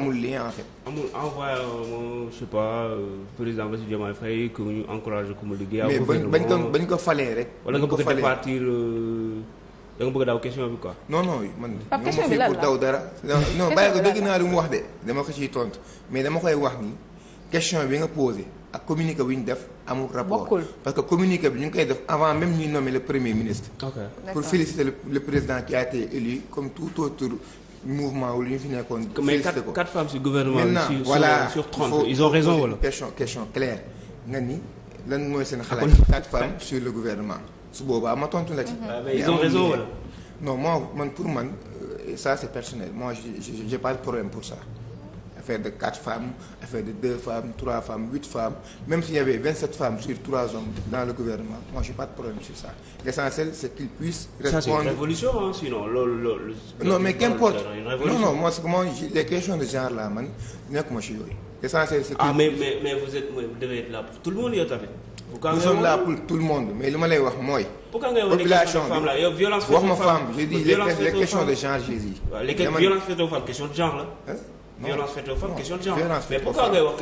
amul lien en fait. amul envoyé ma euh, je sais pas euh, président Bassirou Diomaye Faye que ñu encouragé ko mu liggéey. mais bañ ko ko falee rek. wala nga bëgg a euh, da nga bëgg a daw question bi quoi. non non man. Pape question bi lan la daw dara. non bàyyi ko dëgg naa lu mu wax de mais bi nga posé ak communiqué bi ñu def amul rapport. le premier ministre. pour féliciter le président qui a été élu comme tout autre mouvement wu li ñu fi nekkoon. mais quatre quatre femmes ci gouvernement. sur voilà, sur trente ils ont raison wala. question question claire nga ni lan mooy seen ah, xalaat. quatre femmes sur le gouvernement. su boobaa ma tontu la ci. Mm-hmm. Ah, ils ont raison wala. non moi man pour man sa euh, c'est personnel moi j'ai pas de problème pour ça. affaire de quatre femmes affaire de deux femmes trois femmes huit femmes même s'il y avait vingt sept femmes sur trois hommes dans le gouvernement moi j'ai pas de problème sur ça l'essentiel c'est qu'ils puissent répondre. Ça, c'est une révolution hein, sinon non non non moi c'est comment les questions de genre là man nekkuma ci yooyu l'essentiel ah mais vous êtes vous devez être là pour tout le monde yow tamit nous sommes là pour tout le monde mais ma de genre j'ai dit. waaw les questions de de genre la. violence faite aux femmes question de genre mais pourquoi ngay wax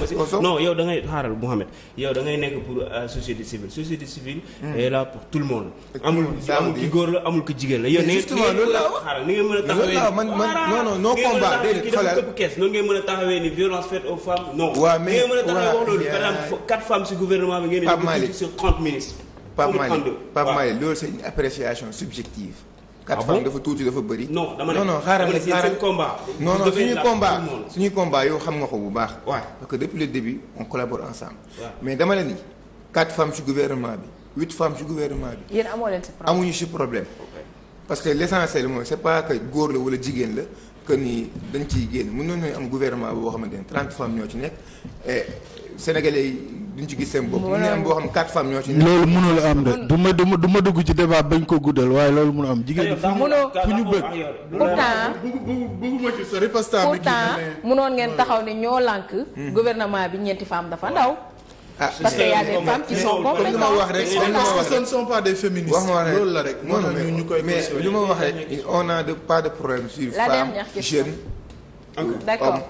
question de non yow da ngay xaaral Mouhamed yow da ngay nekk pour euh, société civile société civile hmm. est là pour tout le monde amul amul ki góor la amul ki jigéen la yow ni xaaral ni ngeen mën a taxawee non non non combat déedéet xoolal këpp kees noonu ngeen mën a taxawee ni violence faite aux femmes non waaw mais ngeen mën a taxawee wax loolu par exemple quatre femmes si gouvernement bi ngeen sur trente ministres Pape Malick Pape Malick loolu c'est une appréciation subjective Ah quatre femmes dafa tuuti dafa bëri. non dama ne non non xaaral rek xaaral non non suñuy combat suñuy combat yow xam nga ko bu baax. waaw parce que depuis le on collabore ensemble. mais dama ne ni quatre femmes ci gouvernement bi huit femmes ci gouvernement bi. yéen amoo leen ci problème amuñu ci problème. parce que l' essentiel mooy c' pas que góor la wala jigéen la que nii dañ ciy génn mun mënoon nañu am gouvernement boo xamante ne trente femmes ñoo ci nekk et sénégalais yi. duñ ci gis seen bopp. mu am boo xam quatre femmes ñoo ci. loolu mënul am de du ma du ci débat bañ ko guddal waaye loolu mënul am jigéen ñi fu ñu bëgg. pourtant pourtant mënoon ngeen taxaw ne ñoo lànk. Hmm. gouvernement bi ñeenti femmes dafa ndaw. ah parce que y a des femmes qui sont compétentes ma wax rek ce ne sont pas la rek ñu koy mais li ma wax rek on a de pas de problème sur. la femmes d'accord